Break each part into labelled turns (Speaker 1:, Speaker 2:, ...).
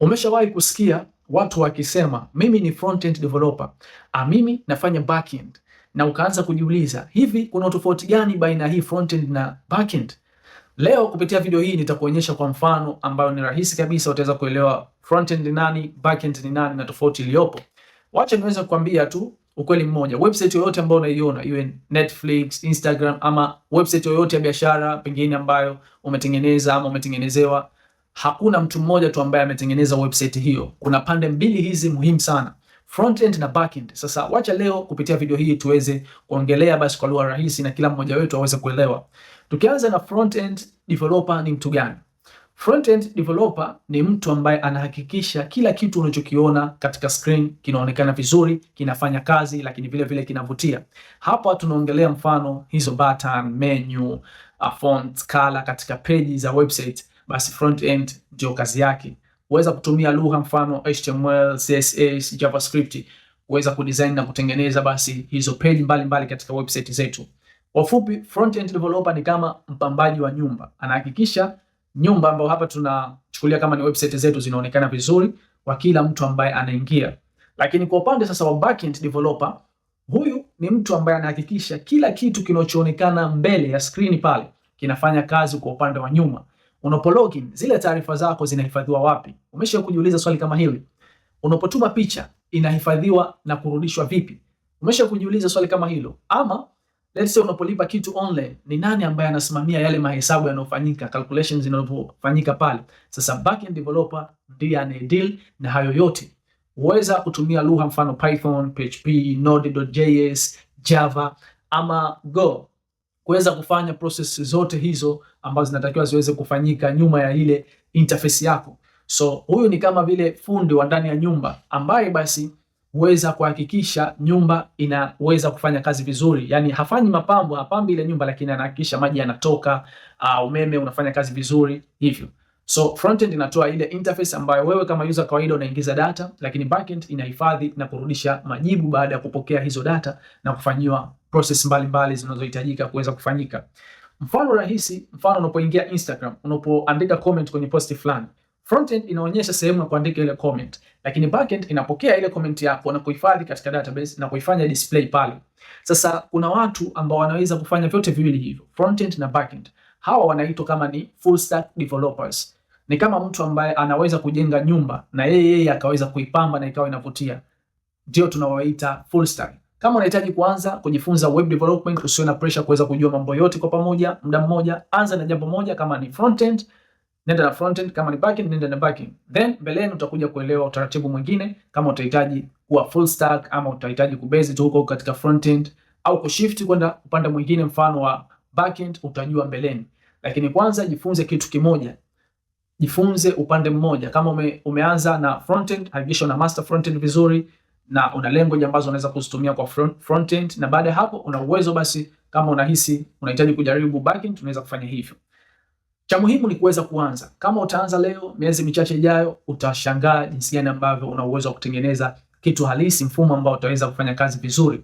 Speaker 1: Umeshawahi kusikia watu wakisema mimi ni front-end developer, a ah, mimi nafanya back-end, na ukaanza kujiuliza hivi kuna utofauti gani baina ya hii front-end na back-end? Leo kupitia video hii nitakuonyesha kwa mfano ambayo ni rahisi kabisa, utaweza kuelewa front-end ni nani, back-end ni nani na tofauti iliyopo. Wacha niweze kukwambia tu ukweli mmoja, website yoyote ambayo unaiona iwe Netflix, Instagram ama website yoyote ya biashara pengine ambayo umetengeneza ama umetengenezewa hakuna mtu mmoja tu ambaye ametengeneza website hiyo. Kuna pande mbili hizi muhimu sana, front end na back end. Sasa wacha leo kupitia video hii tuweze kuongelea basi kwa lugha rahisi na kila mmoja wetu aweze kuelewa. Tukianza na front end developer, ni mtu gani? Front end developer ni mtu ambaye anahakikisha kila kitu unachokiona katika screen kinaonekana vizuri, kinafanya kazi, lakini vile vile kinavutia. Hapa tunaongelea mfano hizo button, menu, uh, font, color katika peji za website basi front end ndio kazi yake. Uweza kutumia lugha mfano HTML, CSS, JavaScript kuweza kudesign na kutengeneza basi hizo page mbalimbali mbali katika website zetu. Kwa ufupi, front end developer ni kama mpambaji wa nyumba, anahakikisha nyumba ambayo hapa tunachukulia kama ni website zetu zinaonekana vizuri kwa kila mtu ambaye anaingia. Lakini kwa upande sasa wa backend developer, huyu ni mtu ambaye anahakikisha kila kitu kinachoonekana mbele ya screen pale kinafanya kazi kwa upande wa nyuma. Unapologin, zile taarifa zako zinahifadhiwa wapi? Umesha kujiuliza swali kama hili? Unapotuma picha inahifadhiwa na kurudishwa vipi? Umesha kujiuliza swali kama hilo? Ama let's say unapolipa kitu online, ni nani ambaye anasimamia yale mahesabu yanayofanyika, calculations zinazofanyika pale? Sasa backend developer ndiye anaye deal na hayo yote. Uweza kutumia lugha mfano Python, PHP, Node.js, Java ama Go kuweza kufanya process zote hizo ambazo zinatakiwa ziweze kufanyika nyuma ya ile interface yako. So huyu ni kama vile fundi wa ndani ya nyumba ambaye basi huweza kuhakikisha nyumba inaweza kufanya kazi vizuri. Yani hafanyi mapambo, hapambi ile nyumba, lakini anahakikisha maji yanatoka, uh, umeme unafanya kazi vizuri hivyo. So frontend inatoa ile interface ambayo wewe kama user kawaida unaingiza data, lakini backend inahifadhi na kurudisha majibu baada ya kupokea hizo data na kufanyiwa process mbalimbali zinazohitajika kuweza kufanyika. Mfano rahisi, mfano unapoingia Instagram, unapoandika comment kwenye posti fulani, frontend inaonyesha sehemu ya kuandika ile comment, lakini backend inapokea ile comment yako na kuhifadhi katika database na kuifanya display pale. Sasa kuna watu ambao wanaweza kufanya vyote viwili hivyo, frontend na backend. Hawa wanaitwa kama ni full stack developers. Ni kama mtu ambaye anaweza kujenga nyumba na yeye yeye akaweza kuipamba na ikawa inavutia, ndio tunawaita full stack. Kama unahitaji kuanza kujifunza web development, usio na pressure kuweza kujua mambo yote kwa pamoja muda mmoja. Anza na jambo moja, kama ni frontend nenda na frontend, kama ni backend nenda na backend, then mbeleni utakuja kuelewa utaratibu mwingine, kama utahitaji kuwa full stack ama utahitaji kubase tu huko katika frontend au kushift kwenda upande mwingine, mfano wa backend, utajua mbeleni. Lakini kwanza jifunze kitu kimoja, jifunze upande mmoja. Kama ume, umeanza na frontend, hakikisha una master frontend vizuri na una language ambazo unaweza kuzitumia kwa front, end, na baada ya hapo una uwezo basi, kama unahisi unahitaji kujaribu back end, unaweza kufanya hivyo. Cha muhimu ni kuweza kuanza. Kama utaanza leo, miezi michache ijayo utashangaa jinsi gani ambavyo una uwezo wa kutengeneza kitu halisi, mfumo ambao utaweza kufanya kazi vizuri.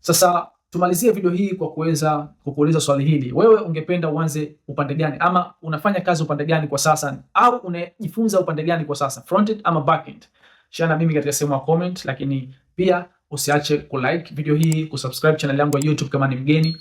Speaker 1: Sasa tumalizie video hii kwa kuweza kukuuliza swali hili, wewe ungependa uanze upande gani, ama unafanya kazi upande gani kwa sasa, au unajifunza upande gani kwa sasa, front end ama back end? share na mimi katika sehemu ya comment, lakini pia usiache kulike video hii, kusubscribe channel yangu ya YouTube kama ni mgeni.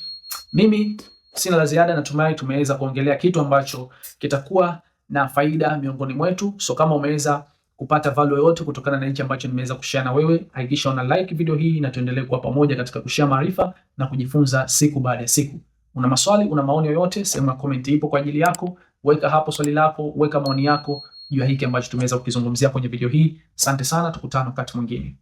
Speaker 1: Mimi sina la ziada, natumai tumeweza kuongelea kitu ambacho kitakuwa na faida miongoni mwetu. So kama umeweza kupata value yoyote kutokana na hichi ambacho nimeweza kushare na wewe, hakikisha una like video hii na tuendelee kuwa pamoja katika kushare maarifa na kujifunza siku baada ya siku. Una maswali, una maoni yoyote, sehemu ya comment ipo kwa ajili yako. Weka hapo swali lako, weka maoni yako juu ya hiki ambacho tumeweza kukizungumzia kwenye video hii. Asante sana, tukutane wakati mwingine.